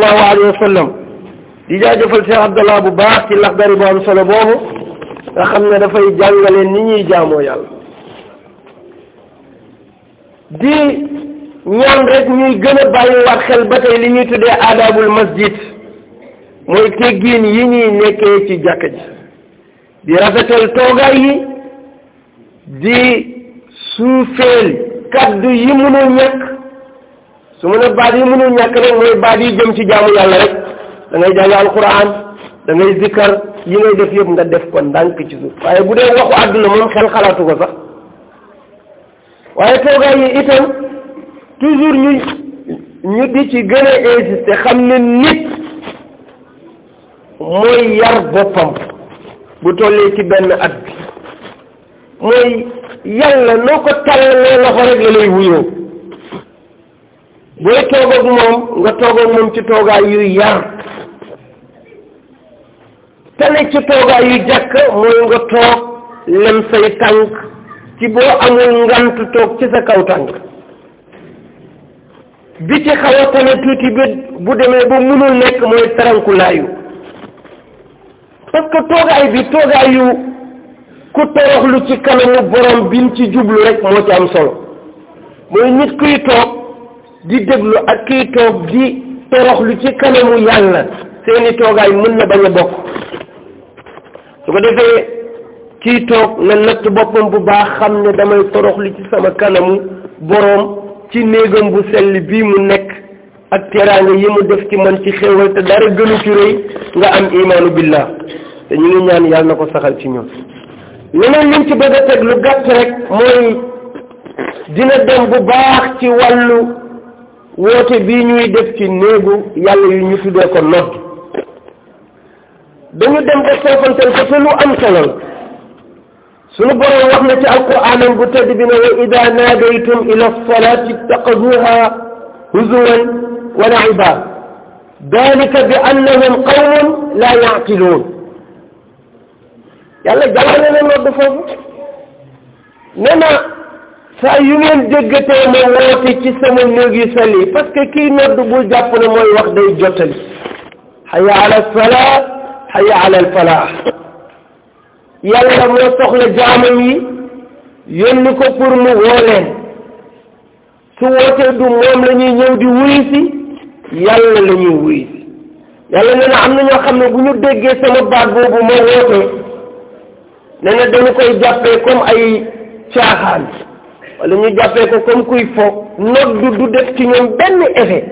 sallallahu alayhi di jaajëfal Cheikh Abdallah bu baax ci laxdari bu am solo boobu nga xam ne dafay jàngale ni ñuy jaamoo yàlla di ñaan rek ñuy gën a bàyyiwaat xel ba tey li ñuy tuddee aadaabul masjid mooy teggiin yi ñuy nekkee ci jàkka ji di rafetal toogaay yi di suufeel kaddu yi mënul ñàkk su ma ne baat yi mënul ñàkk rek mooy baat yi jëm ci jaamu yàlla rek da ngay jàng alquran da ngay zikkar yi ngay def yëpp nga def ko ndànk ci suuf waaye bu dee waxu àdduna moom xel xalaatu ko sax waaye toogaay yi itam toujours ñu ñu di ci gën a insister xam ne nit mooy yar boppam bu tollee ci benn at bi mooy yàlla noo ko tàllalee loxo rek la lay wuyoo booy toog moom nga toog ak moom ci toogaay yu yar te ne ci toogaay yu jàkk mooy nga toog lem say tànk ci boo amul ngant toog ci sa kaw tànk bi ci xaw a tuuti bi bu demee ba munul nekk mooy tarankulaayu parce toogaay bi toogaay ku toroxlu ci kanamu borom bi ci jublu rek moo ci am solo mooy nit kuy toog di déglu ak kiy toog di toroxlu ci kanamu yàlla seeni toogaay mën na bañ a bokk su ko defee kiy toog na natt boppam bu baax xam ne damay toroxlu ci sama kanamu boroom ci néegam bu sell bii mu nekk ak teraanga yi mu def ci man ci xéewal te dara gënu ci rëy nga am imaanu billah te ñu ngi ñaan yàlla na ko saxal ci ñun leneen liñ ci bëgg a teg lu gàtt rek mooy dina dem bu baax ci wàllu woote bii ñuy def ci néegu yàlla yu ñu tuddee ko nodd dañu dem ba soofantal ko te lu am solo sunu borom wax na ci alquraanam bu tedd bi ne wa ida naadaytum ila salaati ittaxaduha huzuwan wa la'iba dalika bi annahum qawmun la ya'qiluun yàlla jàngale na nodd foofu nee saa yu ngeen déggatee ma woote ci sama néeg yu sell yi parce que kii nodd bul jàpp ne mooy wax day jottali xaya ala alfalaa xaya ala alfalaa yàlla moo soxla jaamam yi yónni ko pour mu woo leen su wootee du moom la ñëw di wuyu yàlla la ñuy yàlla nee na am na ñoo xam ne bu ñu déggee sama baat boobu ma wootee nee dañu koy jàppee comme ay caaxaan wala ñu jàppee ko comme kuy fo noddu du def ci ñoom benn effet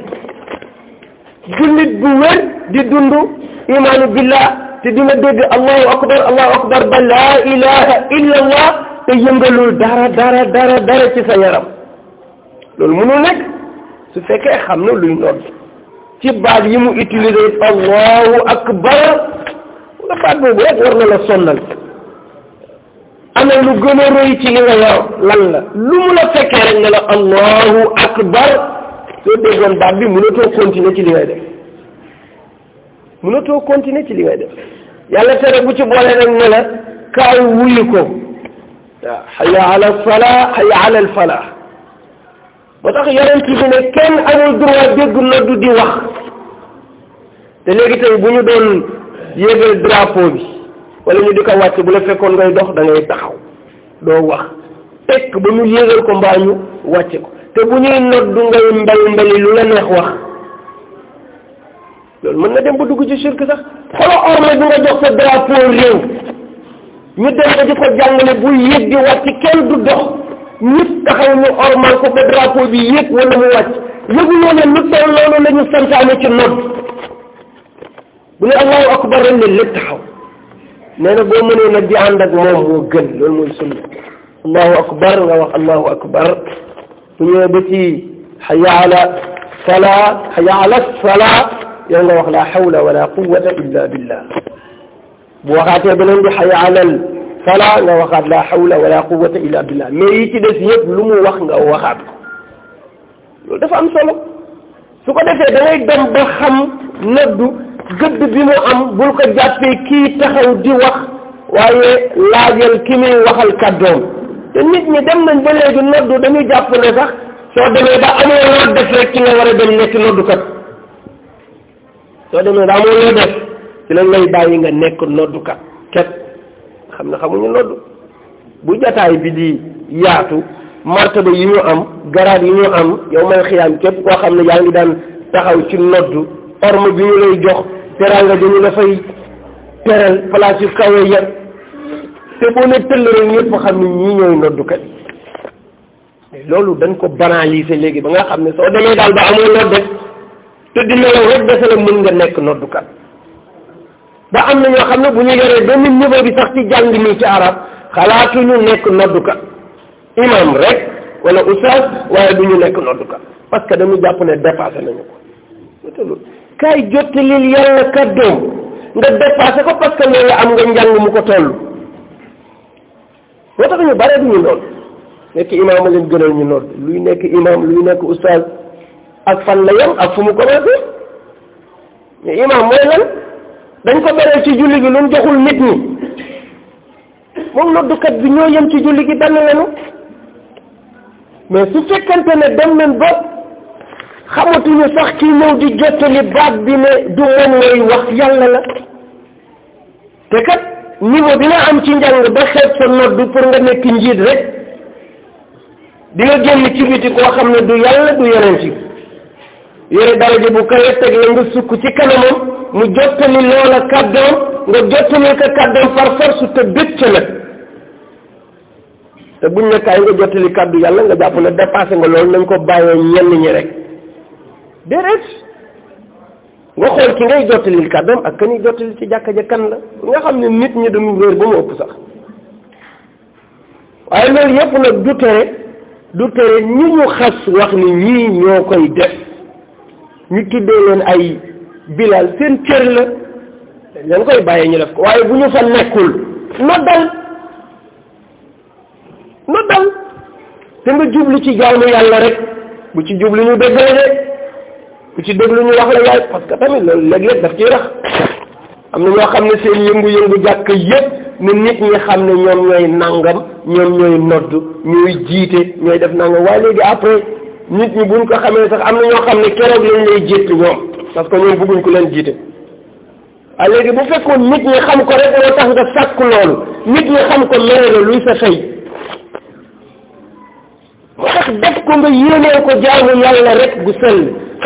jullit bu wér di dund imaanu billah te dina dégg allahu akbar allahu akbar ba laa ilaha illa allah te yëngalul dara dara dara dara ci sa yaram loolu mënul nekk su fekkee xam na luy nodd ci baat yi mu utiliser allahu akbar nga baat boobu rek war na la sonnal ana lu gën a rëy ci li nga yor lan la lu mu la fekkee rek nga la allahu akbar soo déggoon baat bi mënatoo continuer ci li ngay def mënatoo continuer ci li ngay def yàlla tere bu ci boole rek ne la wuyu ko waaw xaya ala falaa xaya ala falaa ba tax yonent bi ne kenn amul droit dégg noddu di wax te léegi tey bu ñu doon yéegal drapeau bi wala ñu di ko wàcc bu la fekkoon ngay dox da ngay taxaw doo wax tekk ba ñu yéegal ko mbaa ñu wàcce ko te bu ñuy noddu ngay mbal mbali lu la neex wax loolu mën na dem ba dugg ci shirk sax xolo orme bi nga jox sa drapeau réew ñu dem di ko jàngale bu yéeg di wàcc kenn du dox nit taxaw ñu ormal ko ba drapeau bi yéeg wala mu wàcc yëguloo ne lu toll loolu la ñu ci nodd bu ne allahu akbar rek ne lépp taxaw nee na boo mënee nag di ànd ak moom moo gën loolu mooy sunna allahu akbar nga wax allahu akbar bu ñëwee ba ci xaya ala sala xaya ala sala yow nga wax la xawla wala quwata illa billah bu waxaatee beneen bi xaya alal sala nga waxaat la xawla wala quwata illa billah mais yi ci des yëpp lu mu wax nga waxaat ko loolu dafa am solo su ko defee da ngay dem ba xam noddu gëdd bi mu am bul ko jàppee kii taxaw di wax waaye laajal ki muy waxal kàddoom te nit ñi dem nañ ba léegi noddu dañuy jàpp na sax soo demee ba amoo loo def rek nga war a dem nekk noddukat soo demee ba amoo loo def ci lañ lay bàyyi nga nekk noddukat ket xam ne xamuñu noddu bu jataay bi di yaatu martaba yi ñu am garaat yi ñu am yow may xiyaam képp koo xam ne yaa ngi daan taxaw ci noddu orme bi ñu lay jox teranga dañu la fay teral yu kawe ya te boo ne tëll rek ñëpp xam ne ñii ñooy noddukat yi loolu dañ ko banaliser léegi ba nga xam ne soo demee daal ba amoo nodd te di nelaw rek dese la mën nga nekk noddukat ba am na ñoo xam ne bu ñu yoree benn niveau bi sax ci jàng nii ci arab xalaatuñu nekk noddukat imam rek wala oustaz waaye du nekk noddukat parce que dañu jàpp ne dépassé nañu ko kay jottalil yàlla kàddoom nga dépassé ko parce loolu am nga njàng mu ko toll moo tax ñu bare du ñu nodd nekk imaam a leen gënal ñu nodd luy nekk imaam luy nekk ustaaz ak fan la yem ak fu mu commencé mais imaam mooy lan dañ ko beral ci julli gi lu mu joxul nit ñi moom noddukat bi ñoo yem ci julli gi dann lenu mais su fekkante ne dem nañ ba xamatuñu sax kii ñëw di jottali baat bi ne du moom mooy wax yàlla la te kat niveau bi nga am ci njàng ba xeeb sa noddu pour nga nekk njiit rek di nga génn ci biti koo xam ne du yàlla du yonent bi yore daraja bu kawe teg la nga sukk ci kanamam mu jottali loola kàddoom nga jottali ko kàddoom par force te dëcc la te buñ ne kaay nga jottali kàddu yàlla nga jàpp ne dépassé nga loolu nañ ko bàyyee ñenn ñi rek déedéet nga xool ki ngay jottalil kàddoom ak ka ñuy jottalil ci jàkka ja kan la nga xam ne nit ñi dañu réer ba mu ëpp sax waaye loolu yëpp nag du tere du tere ñi ñu xas wax ni ñii ñoo koy def ñu tuddee leen ay bilal seen cër la dañ koy bàyyee ñu def ko waaye bu ñu fa nekkul noddal noddal te nga jublu ci jaamu yàlla rek bu ci jublu ñu dëggale de ku ci déglu ñu wax la yaay parce que tamit loolu léeg-léeg daf ciy rax am na ñoo xam ne seen yëngu-yëngu jàkk yépp ne nit ñi xam ne ñoom ñooy nangam ñoom ñooy nodd ñooy jiite ñooy def nangam waaye léegi après nit ñi buñ ko xamee sax am na ñoo xam ne keroog lañ lay jéttu ñoom parce que ñoom bëgguñ ku leen jiite a léegi bu fekkoon nit ñi xam ko rek moo tax nga sàkk loolu nit ñi xam ko mere luy sa fay moo def ko nga yéenee ko jaamu yàlla rek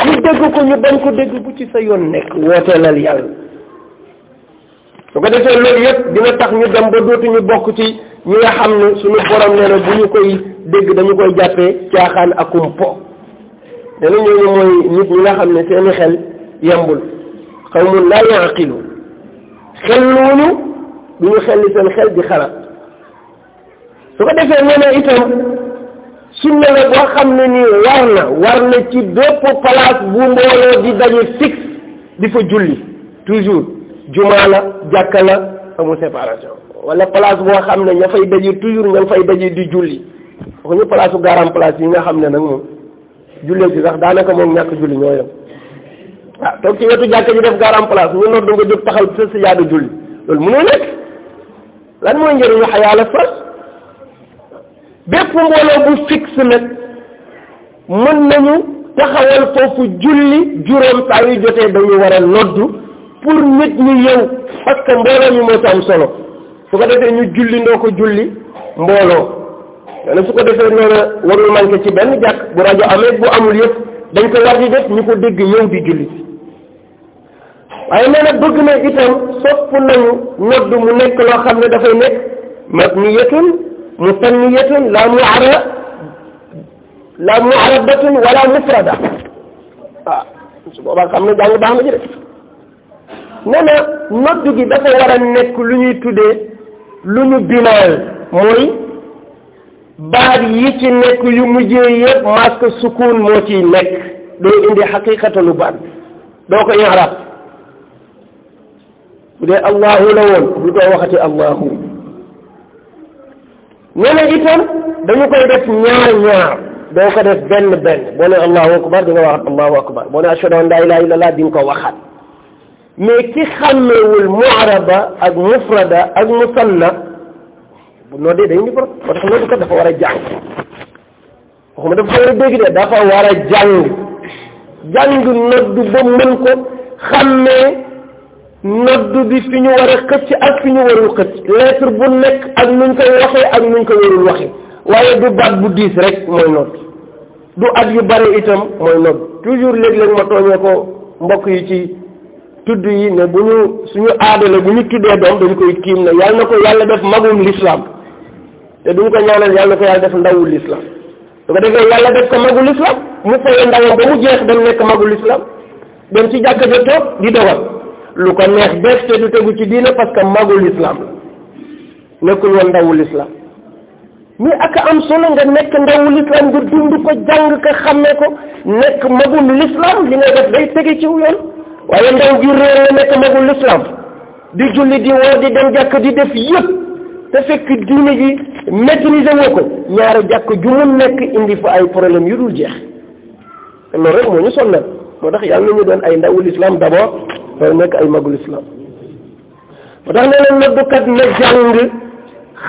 ñu dégg ko ñu bañ ko dégg bu ci sa yoon nekk wooteelal yàlla su ko defee loolu yëpp dina tax ñu dem ba dootuñu bokk ci ñi nga xam ne suñu borom nee na bu ñu koy po dana ñooñu mooy nit ñi nga xam ne seeni xel yembul xawmun laa yaqilu xel luñu du xel seen xel di xalaat su ko defee nee itam sunna la boo xam ne nii war na war na ci bépp place bu mbooloo di daje fixe di fa julli toujours jumaa la jàkka la amul séparation wala place boo xam ne ña fay daje toujours ña fay daje di julli wax ñu place garam place yi nga xam ne nag moom jullee ci sax daanaka moom ñàkk julli ñoo yem waaw ah, toog ci wetu jàkka ji def garam place ñu noddu nga jóg taxal sa si jaadu julli loolu mënoo nekk lan mooy njëriñu xayaala sax bépp mbooloo bu fixe nag mën nañu taxawal foofu julli juróom saa yu jotee dañu war a noddu pour nit ñi yow parce que mbooloo mi moo ci solo su ko defee ñu julli ndoo ko julli mbooloo loolu su ko defee nee na warul manqué ci benn jàkk bu rajo amee bu amul yëpp dañ ko war di def ñu ko dégg ñëw di julli waaye nee bëgg na itam sopp nañu noddu mu nekk loo xam ne dafay nekk mag ñi yëtul مثنية لا معرب لا معربة ولا مفردة waaw su boobaa xam ne jàng baax na ci de nee nodd gi dafa war a nekk lu ñuy tudde lu ñu binaal mooy baat yi ci nekk yu mujjee yëpp masque sukun moo ciy nekk doo indi xaqiqatalu baat doo ko i'raab bu dee allahu la woon lu doo waxati allahu ñeneen itam dañu koy def ñaar ñaar doo ko def benn benn boo ne allahu akbar di nga waxaat allahu akbar boo ne ashhadu an la ilaha illallah di nga ko waxaat mais ki xàmmewul muaraba ak mufrada ak musanna bu noddee day indi borom moo tax ko dafa war a jàng dafa war a dégg de dafa war ko xàmmee noddu bi fi ñu war a xëcc ak fi ñu warul xëcc lettre bu nekk ak nuñ koy waxee ak nuñ ko warul waxee waaye du baat bu diis rek mooy nodd du at yu bare itam mooy nodd toujours léeg-léeg ma tooñee ko mbokk yi ci tudd yi ne bu ñu suñu aada la bu ñu tuddee doom dañ koy tiim na yàlla na ko yàlla def magum lislaam te duñ ko ñaanal yàlla na ko yàlla def ndawul lislaam su ko defee yàlla def ko magul lislaam mu fayee ndawam ba mu jeex dem nekk magul lislaam dem ci jàkka ja toog di lu ko neex def te du tegu ci diina parce que magul islam la nekkul woon ndawul islam mais ak am solo nga nekk ndawul islam nga dund ko jàng ko xàmme ko nekk magul l'islam li ngay def day tege ci yoon waaye di julli di woor di dem jàkk di def yëpp te fekk diine ji maîtriser woo ko ñaari jàkk ju mu nekk indi fa ay problème yu dul jeex loolu rek moo ñu sonnal moo tax yàlla ñu doon ay ndawul islam d'abord ñooy nekk ay magul islam ba tax ne leen noddukat na jàng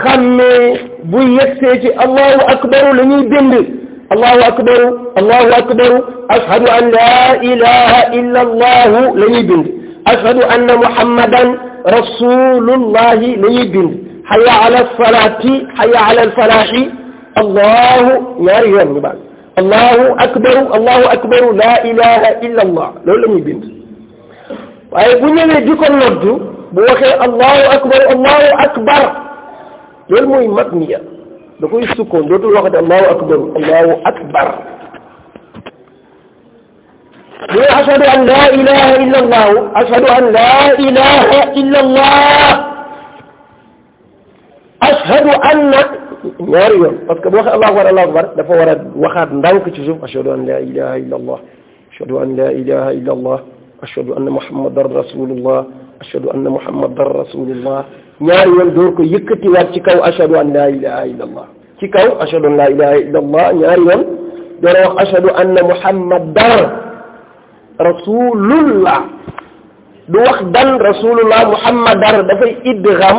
xàmmee bu yegsee ci allahu akbaru la ñuy bind allahu akbaru allahu akbaru ashhadu an la ilaha illa allahu la ñuy bind ashhadu anna muhammadan rasulullahi la ñuy bind xaya ala alfalaati xaya ala alfalaaxi allahu ñaari yoon ñu baal allahu akbaru allahu akbaru la ilaha illa allah loolu la ñuy bind waaye bu ñëwee di ko noddu bu waxee allahu akbar allahu akbar loolu mooy mat niya da koy sukkoon dootul waxati allahu akbar allahu akbar bu ne ashhadu an la ilaha illa allah ashhadu an la ilaha illa allah ashhadu anna ñaari yoon parce que bu waxee allahu akbar allahu akbar dafa war a waxaat ndànk ci suuf ashhadu an la ilaha illa allah ashhadu an la ilaha illa allah ashhadu anna muhammadan rasulullah ashhadu anna muhammadan rasulullah ñaari yoon door ko yëkkatiwaat ci kaw ashhadu an laa ilaha illa allah ci kaw ashhadu an laa ilaha illa allah ñaari yoon door a wax ashhadu anna muhammadan rasulullah du wax dan rasulullah muhammadan dafay idgham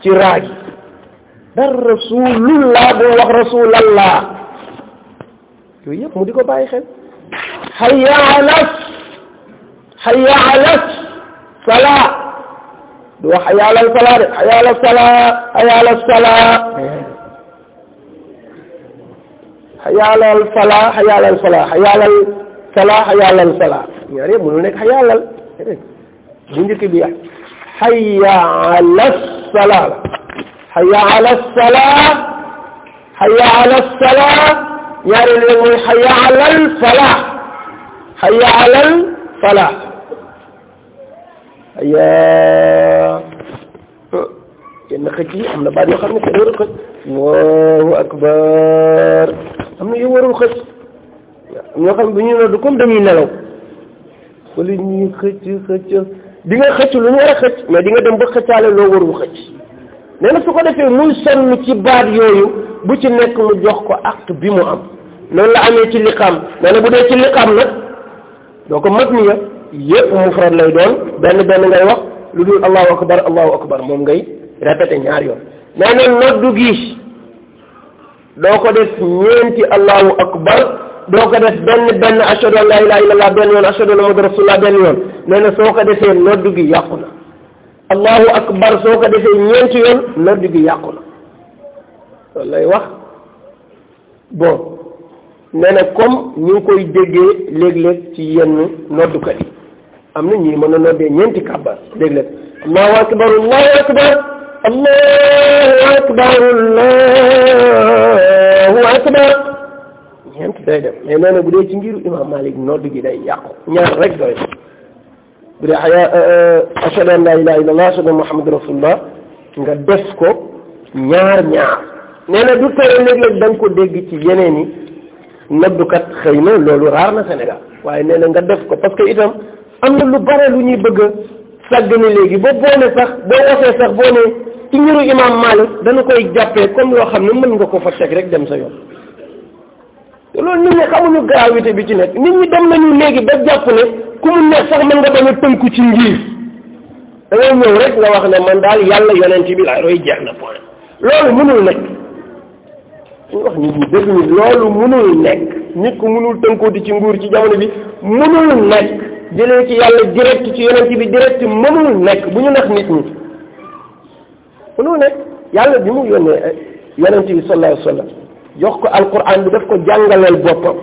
ci raa dan rasulullah du wax rasulallah hayya ala salaa du wax hayya ala salaa de hayya ala salaa hayya ala salaa hayya ala salaa hayya ala salaa hayya ala salaa hayya ala salaa ñaar yëpp mënul nekk hayya ala bu njëkk bi hayya ala salaa hayya ala salaa hayya ala salaa ñaar yëpp mooy hayya ala salaa hayya ala salaa yaa yenn xëcc yi am na baat yoo xam ne kenn warul xëcc allahu akbar am na yu warul xëcc ñoo xam ne bu ñuy du comme dañuy nelaw wala ñuy xëcc xëcc di nga xëcc lu ñu war a xëcc mais di nga dem ba xëccaale loo warul xëcc nee na su ko defee muy sonn ci baat yooyu bu ci nekk mu jox ko acte bi mu am noonu la amee ci liqaam nee na bu dee ci liqaam nag doo ko mat ni ya yépp mufrad lay doon benn benn ngay wax lu dul allahu akbar allahu akbar moom ngay répété ñaar yoon nee na gi doo ko def ñeenti allahu akbar doo ko def benn benn ashhadu an la ilaha illallah benn yoon ashhadu anna muhammadan rasulullah benn yoon nee soo ko defee noddu gi yàqu na allahu akbar soo ko defee ñeenti yoon noddu gi yàqu na loolu lay wax bon nee na comme ñu ngi koy déggee léeg-léeg ci yenn noddukat yi am na ñii mën na noddee ñeenti kàbbar léeg-léeg allahu akbar allahu akbar allahu akbar akbar ñeent day dem mais nee bu dee ci ngiru imam malik nodd gi day yàqu ñaar rek doy bu dee aya eh, eh, ashhadu an la ilaha illallah ashhadu anna muhammadan rasulullah nga des ko ñaar ñaar nee du tere léeg-léeg da ko dégg ci yeneen i noddukat xëy na loolu raar na senegal waaye nee na nga def ko parce que itam am na lu bare lu ñuy bëgg a sàggane léegi ba boone sax boo wasee sax boo ne ci ngiru imaam Malik dana koy jàppee comme loo xam ne mën nga ko fa teg rek dem sa yoon te loolu nit ñi xamuñu gravité bi ci nekk nit ñi dem nañu léegi ba jàpp ne ku mu neex sax mën nga bañ a tënku ci ngir da ngay ñëw rek nga wax ne man daal yàlla yonent bi laa roy jeex na point loolu mënul nekk dañu wax nit ñi dëgg ñi loolu mënul nekk nit ci nguur ci jamono bi mënul nekk jëlee ci yàlla direct ci yonent bi direct mënul nekk bu ñu nekk nit ñi mënul nekk yàlla bi mu yónnee eh, yonent bi sallallahu alayhi wa sallam jox ko alquran bi def ko jàngaleel boppam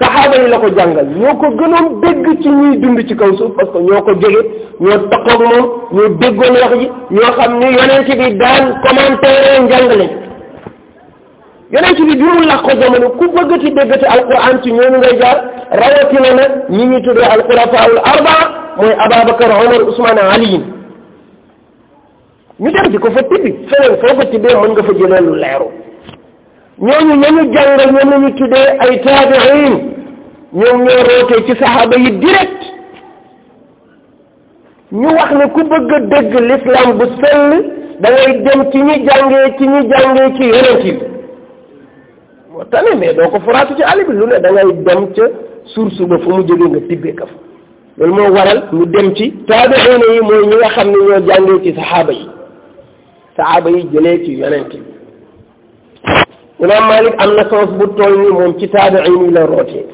saxaaba yi la ko jàngal ñoo ko gënoon dégg ci ñuy dund ci kaw suuf parce ñoo ko jege ñoo taqoog moom ñoo déggoon wax ji ñoo xam ni yonent bi daan commentaire njàngale yonent bi bi mu làqoo jamono ku bëggati déggati alquran ci ñooñu ngay jaar rawatina nag ñi ñuy tuddee alxulafaul arbaa mooy Ababacar Omar Ousmane Ali ñu dem di ko fa tibbi feneen foo ko tibbee mën nga fa jëlee lu leeru ñooñu ñooñu jàngal ñoom la ñu tuddee ay taabiin ñoom ñoo rootee ci saxaaba yi direct ñu wax ne ku bëgg a dégg l'islam bu sell da dem ci ñi jàngee ci ñi jàngee ci yonent bi tane mais doo ko foraatu ci àll bi lu ne da ngay dem ca source ba fu mu jógee nga tibbee ka fa loolu moo waral mu dem ci taabiina yi mooy ñi nga xam ne ñoo jàngee ci saxaaba yi saxaaba yi jëlee ci yonent bi imaam Malik am na sens bu toll ni moom ci taabiin yi la rootee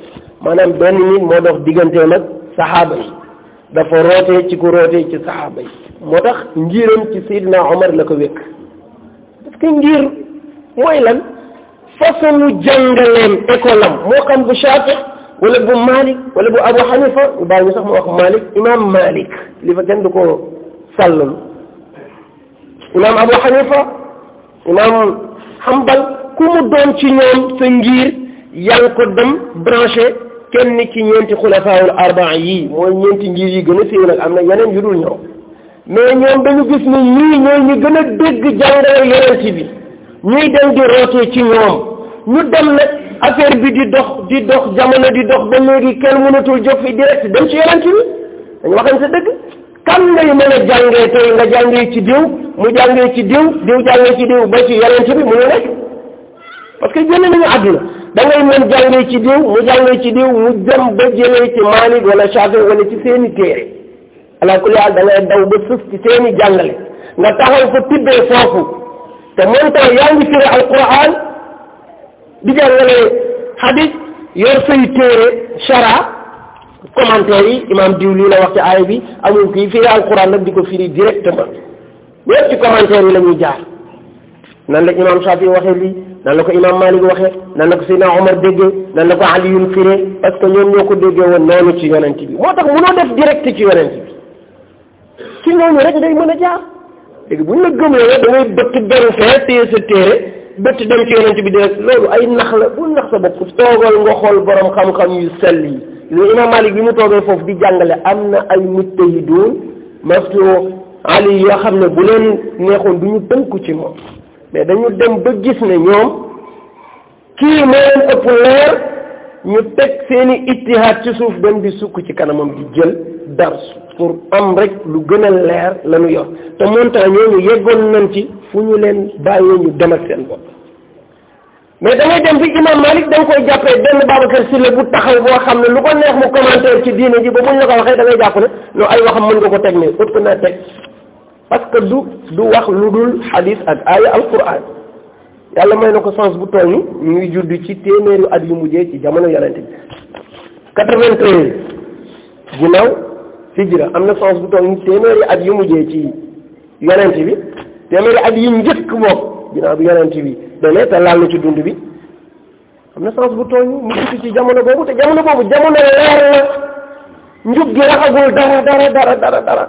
maanaam benn nit moo dox digganteem ak saxaaba yi dafa rootee ci ku rootee ci saxaaba yi moo tax ngiram ci Seydina Omar la ko wékk parce que mooy lan façonu jàngaleem école am moo xam bu Shaafi wala bu Malik wala bu Abu Hanifa ñu bàyyi ñu sax mu wax Malik imaam Malik li fa kenn du ko sàllalu imaam Abu Hanifa imaam Hanbal ku mu doon ci ñoom sa ngir yaa ko dem branché kenn ci ñeenti xulafaawul arbaa yii mooy ñeenti ngir yi gën a siiw nag am na yeneen yu dul ñoom mais ñoom dañu gis ni ñii ñooy ñu gën a dégg jàngale yonent bi ñuy dem di rootee ci ñoom ñu dem nag affaire bi di dox di dox jamono di dox ba léegi kenn mënatul jóg fi direct dem ci yonent bi dañu waxan sa dëgg kan ngay mën a jàngee tey nga jàngee ci diw mu jàngee ci diw mu nekk que génn nañu ci diw mu ci diw mu dem ba jëlee ci Maalik wala Shaafi wala ci seeni téere ala kulli daw ba suuf ci seeni jàngale nga taxaw fa tibbee foofu te même temps yaa ngi firi alquran di jàngale hadith yor say téere shara commentaire yi imam diw la wax ci aaya bi amul kii firi alquran nag di ko firi directement ñëpp ci commentaire yi la jaar nan la imam Shafi waxee lii nan la ko imam Malik waxee nan la ko Seydina Omar déggee nan la ko Aliyun firee parce que ñoom ñoo ko déggee woon noonu ci yonent bi moo tax mënoo def direct ci yonent bi ci ñooñu rek ngay mën a jaar léegi bu ñu la gëmloo da ngay bëtt benn fee téye sa téere bëtt dem ci yonent bi di rek loolu ay nax la bu nax sa bopp toogal nga xool borom xam-xam yu sell yi lu imam malik bi mu toogee foofu di jàngale am na ay mujtahiduun maslo ali yoo xam ne bu leen neexoon du ñu tënku ci moom mais dañu dem ba gis ne ñoom kii moo ëpp leer ñu teg seeni ittihaad ci suuf dem di sukk ci kanamam di jël dars pour am rek lu gën a leer la ñu yor te montant ñooñu yeggoon nañ ci fu ñu leen bàyyee ñu dem ak seen bopp mais da ngay dem fi imam Malik da nga koy jàppee benn Babacar Sylla bu taxaw boo xam ne lu ko neex mu commentaire ci diine ji ba buñ la ko waxee da ngay jàpp ne non ay waxam mën nga ko teg ne ëpp naa teg parce que du du wax lu dul xadis ak aaya alquran yàlla may na ko sens bu toll ni ñu ngi judd ci téeméeri at yu mujjee ci jamono yonent bi quatre-vingt-treize ginnaaw am na sens bu toll ni téeméeri at yu mujjee ci yonent bi téeméeri at yu njëkk bokk ginnaaw ci dund bi am bu toll jamono boobu te jamono boobu dara dara dara dara dara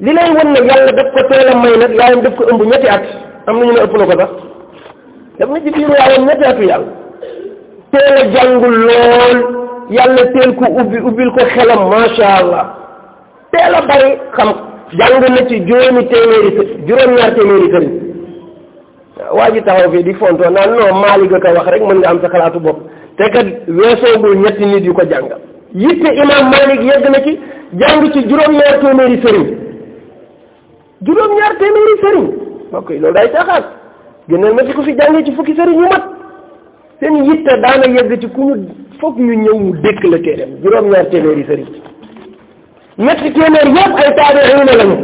li lay wan ne yàlla daf ko teel a may nag yaayam daf ko ëmb ñetti at am na ñu ne ëpp na ko sax def na ci diine yàlla ñetteetu yàlla teel a jàngul lool yàlla teel ko ubbi ubbil ko xelam macha allah teel bari xam jàng na ci juróom-ñaar téeméeri kër waa taxaw fii di fontoo naan non maali ga wax rek mën nga am sa xalaatu bopp te kat weesoogul ñetti nit yu ko jàngal yitte imam Malik yegg na ci jàng ci juróom-ñaar téeméeri sëriñ juróom-ñaar téeméeri sëriñ mbokk yi loolu day taxaat gënal ma ci ku fi jàngee ci fukki sëriñ yu mat seen yitte daana yegg ci ku ñu foog ñu ñëw mu dëkk la téeréem juróom-ñaar téeméeri sëriñ ñetti téeméer yëpp ay taabiina lañu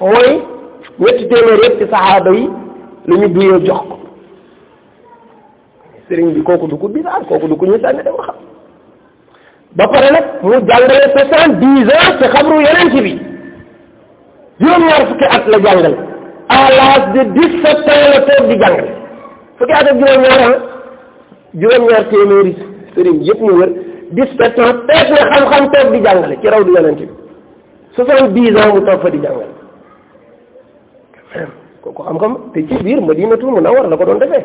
mooy ñetti téeméer yëpp ci saxaaba yi la ñu duyee jox ko sëriñ bi kooku du ko bisaar kooku du ko ñu sànni dama xam ba pare nag mu jàngale soixante-dix ans xabru yeneen ci bi juróom-ñaar fukki at la jàngale à l'âge de la toog di jàng fukki at ak juróom-ñaar ah juróom-ñaar téeméeri sëriñ yëpp ñu wër dix-sept ans tees na xam-xam toog di jàngale ci raw du yonent bi soixante-dix xam-xam te ci biir na Munawwara la ko doon defee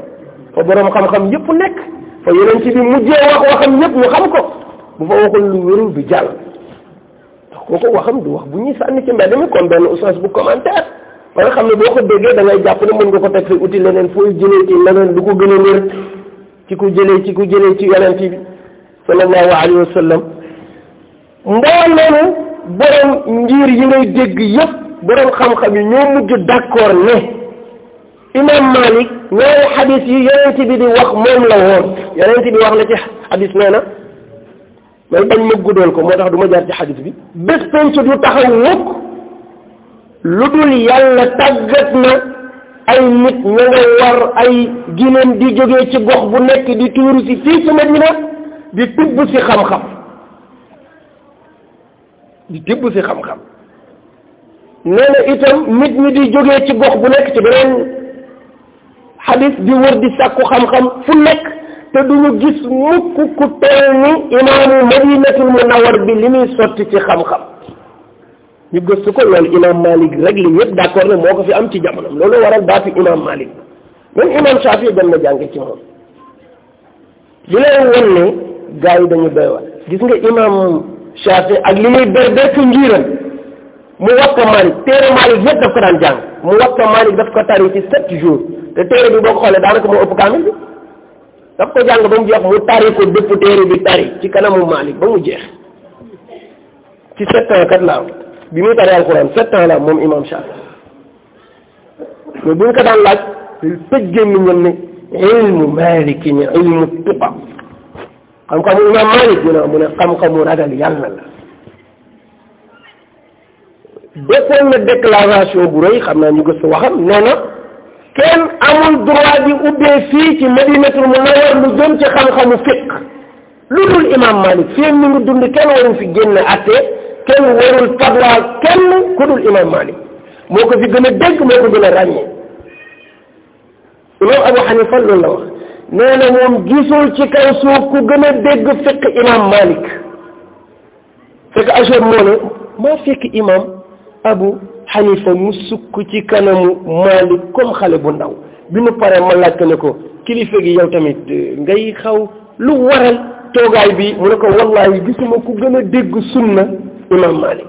fa boroom xam-xam yëpp nekk fa yonent bi mujjee wax waxam ñëpp ñu xam ko bu fa waxul lu wérul du jàll kooku waxam du wax bu ñuy sànni ci mbedd mi comme benn oustaz bu commentaire ba nga xam ne boo ko déggee da ngay jàpp ne mën nga ko teg fi uti leneen fooy jëlee ci leneen du ko gën a wér ci ku jëlee ci ku jëlee ci yonent bi sallallahu alayhi wa sallam mbooleem borom ngir yi ngay dégg yëpp borom xam-xam yi ñoo mujj d'accord ne imam malik ñaari xadis yi yonent bi di wax moom la woon yonent bi wax na ci xadis nee na may bañ ma guddal ko moo tax duma jaar ci xadis bi bés penc du taxaw mukk lu dul yàlla tàggat na ay nit ña nga war ay ginéem di jógee ci gox bu nekk di tuuru si fii ci Madina di tibb si xam-xam di tibb si xam-xam nee itam nit ñi di jógee ci gox bu nekk ci beneen xadis di wër di sàkku xam-xam fu nekk te duñu gis mukk ku toll ni imaamu madinatul munawar bi li muy sotti ci xam-xam ñu gëstu ko loolu imam malik rek li d'accord ne moo ko fi am ci jamonom loolu waral baatu imam malik même imam Shafi dem na jànge ci moom li lay won ne gars yi dañu doy war gis nga imam Shafi ak li muy ber ber ci njiiram mu wax ko malik téere malik yëpp daf ko daan jàng mu wax ko malik daf ko tari ci sept jours te téere bi boo ko xoolee daanaka moo ëpp kaamil bi daf ko jàng ba mu jeex mu tari ko dëpp téere bi tari ci kanamu malik ba mu jeex bi muy tari alquran sept ans la moom imam Shafi mais bu ñu ko daan laaj tëj génn ñoom ne ilmu ni ilmu tuqa xam-xamu imam Malik ñu ne mu ne xam-xamu ragal yàlla la defoon na déclaration bu rëy xam naa ñu gëstu waxam nee na kenn amul droit di ubbee fii ci madinatul munawwar lu jëm ci xam-xamu fiq lu dul imam Malik fii mu ngi dund kenn waru fi génn àtte kenn warul fatwa kenn ku dul imam Malik moo ko fi gën a dégg moo ko gën a ràññee imam Abu Hanifa loolu la wax nee na moom gisul ci kaw suuf kanamu Malik comme xale bu ndaw bi mu paree ma laajte ne ko kilifa gi yow tamit euh, ngay xaw lu waral toogaay bi mu ne ko wallahi gisuma ku gën a dégg sunna imam Malik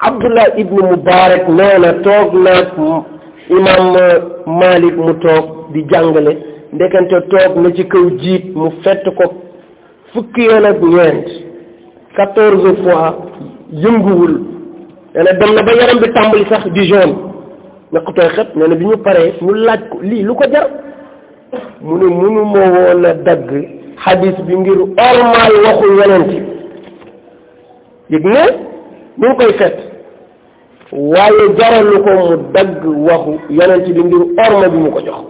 Abdullah ibnu Mubarak nee toog naag imam Malik mu toog di jàngale ndekante toog na ci kaw jiit mu fett ko fukki yoon ak ñeent quatorze fois yënguwul nee dem na ba yaram bi tàmbali sax di jaune ñaqutooy xet nee bi ñu paree ñu laaj ko lii lu ko jar mu ne mënu ma woon a dagg xadis bi ngir ormaal waxu yonent yëg ne ñu ngi koy fet waaye jaralu ko mu dagg waxu yonent bi ngir orma bi mu ko jox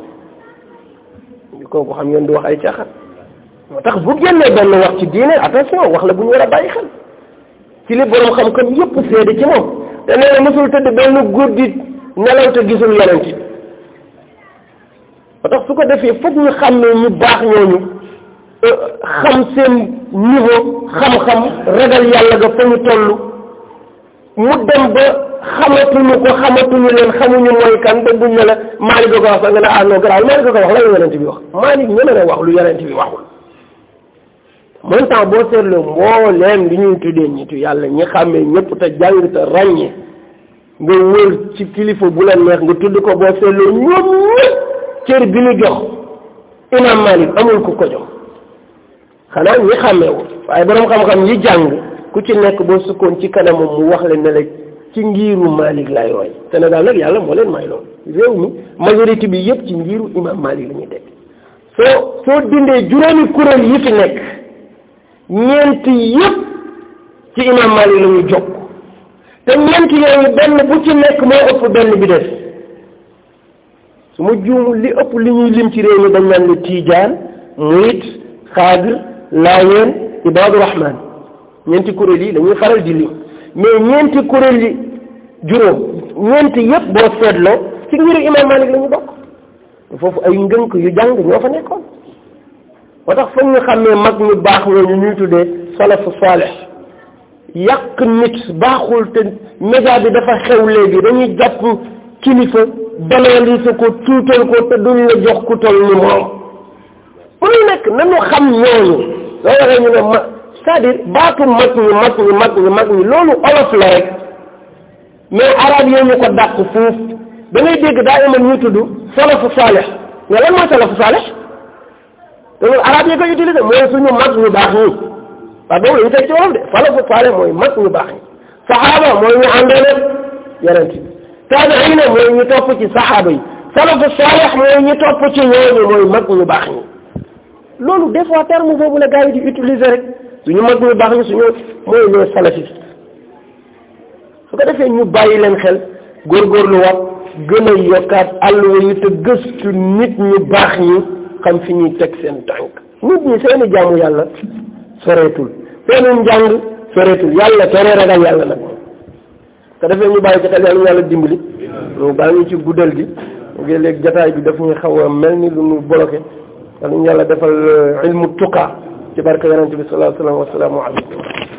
ñu kooku xam ngeen di wax ay caaxaan moo tax bu génnee benn wax ci diine attention wax la bu ñu war a bàyyi xel ci li borom xam-xam yépp seede ci moom te nee na mosul tëdd benn guddi nelaw te gisul yonent bi moo tax su ko defee foog ñu xam ne ñu baax ñooñu xam seen niveau xam-xam ragal yàlla ga fa ñu toll mu dem ba xamatuñu ko xamatuñu leen xamuñu mooy kan te buñ la Malick wax lu yonent bi boo seetloo yàlla ñi xàmmee ñëpp te jàng te kilifa bu la neex nga tudd ko amul ko jox xanaa ñi xàmmeewul waaye boroom xam-xam yi jàng ku ci nekk boo sukkoon ci kanamam mu wax leen ne ci ngiiru Malik lay roy Sénégal nag yàlla moo leen may loolu réew mi majorité bi yëpp ci ngiiru imam Malik la ñuy teg soo soo dindee juróomi kuréel yi fi nekk ñeent yépp ci imam Malik la ñuy jokk te ñeent yooyu benn bu ci nekk moo ëpp benn bi def su ma juumul li ëpp li ñuy lim ci réew mi dañ naan la tiijaan murit xaadir laayeen ibaadu rahman ñeenti kuréel yi dañuy faral di lim mais ñeenti kuréel yi juróom ñeenti yépp boo seetloo ci ngiru imam malik la ñu bokk foofu ay ngënk yu jàng ñoo fa nekkoon moo tax foog ñu xàmmee mag ñu baax ñooñu ñuy tuddee salafu saalih yàq nit baaxul te média bi dafa xew léegi dañuy jàpp kilifa banaliser ko tuutal ko te duñ la jox ku toll ni moom pour nekk nanu xam ñooñu loo waxee ne ma c'est-à-dire baatu mag mag ñi mag ñi mag ñi loolu olof la rek mais arab yooyu ko dàq fuuf da ngay dégg daa iman ñu tudd salafu saalix mais lan mooy salafu saalix loolu arab yi koy utilisé mooy suñu mag ñu baax ñi waaw boobu la ñu teg de salafu saalix mooy mag ñu baax ñi saxaaba mooy ñu àndoon ak yonent mooy ñu topp ci saxaaba yi salafu saalix mooy ñu topp ci ñooñu mooy mag ñu baax ñi loolu des fois terme boobu la gars yi di utiliser rek suñu mag ñu baax ñu suñu mooy ñoo salafi su ko defee ñu bàyyi leen xel góor góorgóorluwaat gën a yokkaat àlluwa yi te ci nit ñu baax ñi xam fi ñuy teg seen tànk nit ñi seeni jàmm yàlla soreetul seeni njàng soreetul yàlla tere ragal yàlla nag te defee ñu bàyyi ci xel yàlla ñu yàlla dimbali ñu baa ci guddal gi léeg-léeg jataay bi daf ñuy xaw a mel ni lu ñu bloqué yàlla ñu yàlla defal eh, ilmu tuqa ci barke yonente bi sallallahu alayhi wa sallam wa salaamu aleykum